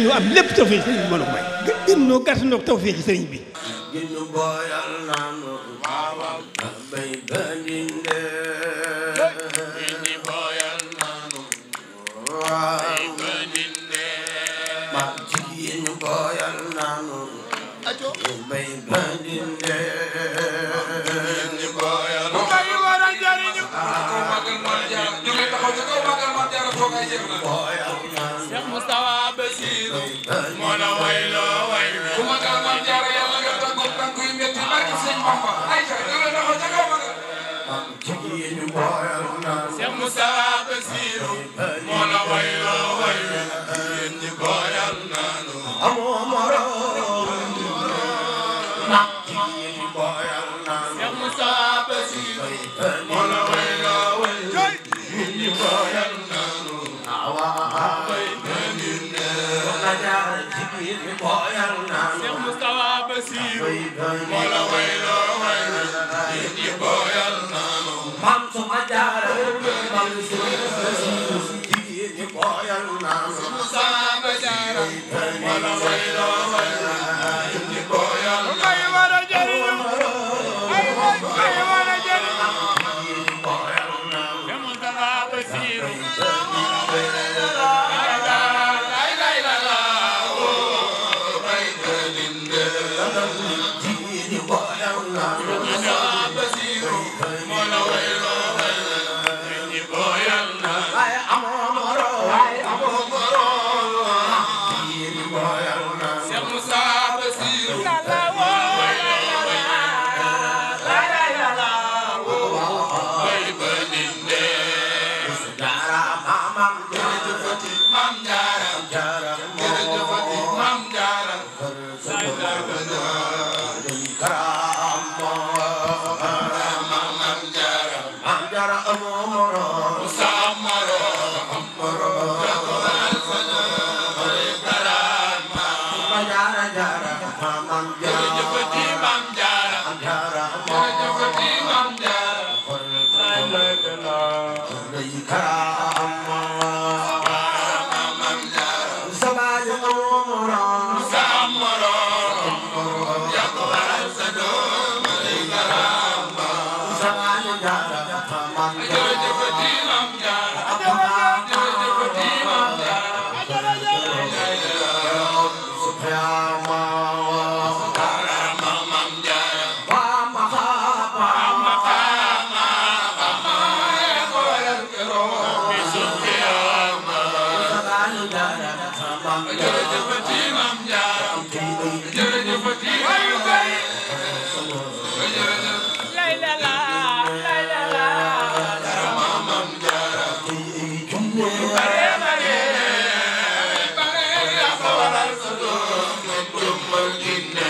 li ñu am lépp tawfeex sëriñ bi moo ko may. gën noo gàtt noo tawfeex sëriñ bi. moo la wayloo wayloo ku ma gaa maam jaara yàlla nga tàggoog tàggu yu métti barke sëñ Bamba ay ca dara taxaw ca kaw magal am jigéenu booyal naa Cheikh Moussa Bassirou moo la wayloo wayloo yéen ñi booyal naanu amoo moroom am jigéenu booyal naa Cheikh Moussa Bassirou moo la moo la way loo way nit ñi booyal naanu mam suma jaara mam suma jaara maam jaara jërëjëfati maam jaara jërëjëfati wayu bay jërëjëf lay la la lay la la jaara maam jaara bare bare bare ya fa waral sa doom doom mal ginne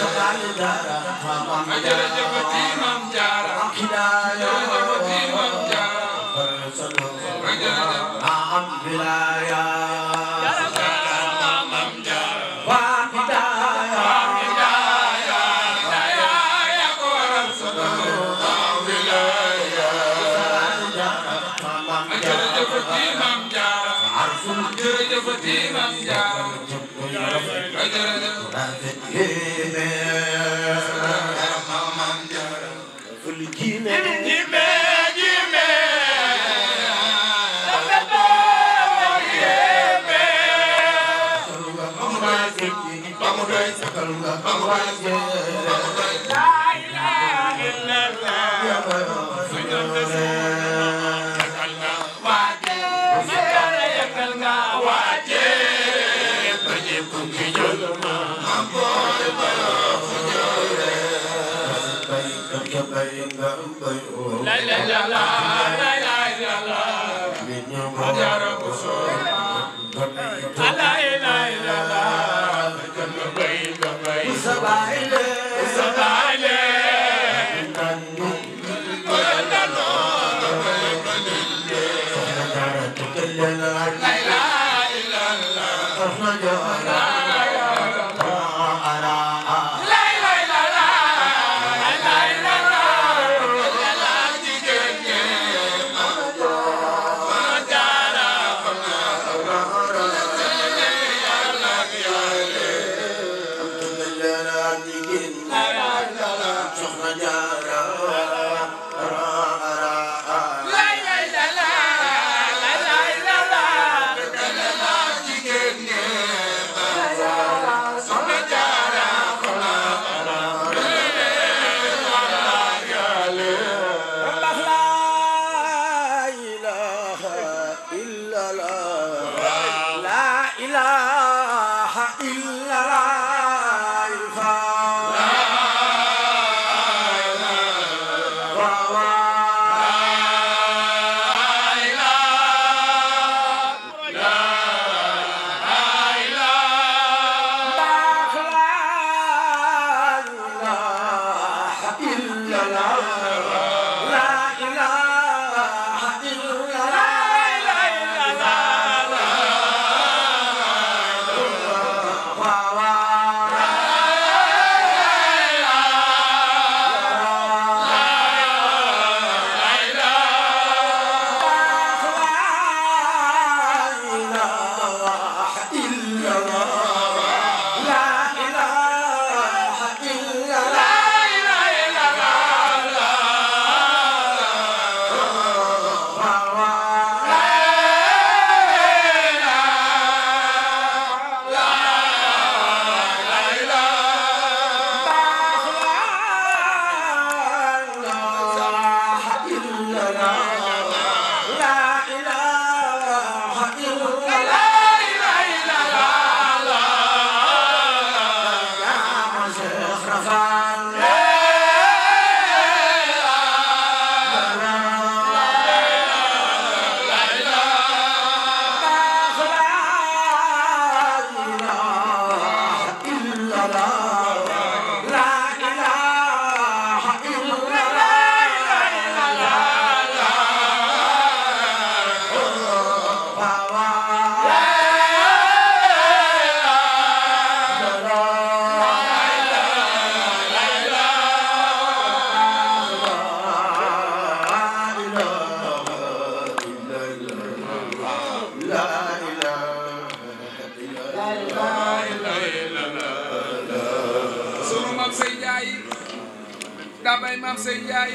sabal jaara maam jërëjëfati maam jaara akida jërëjëfati maam jaara bare sa doom jërëjëf maam bilaa Amen. la la la la waaye la Ramadan kaabay maam say yaay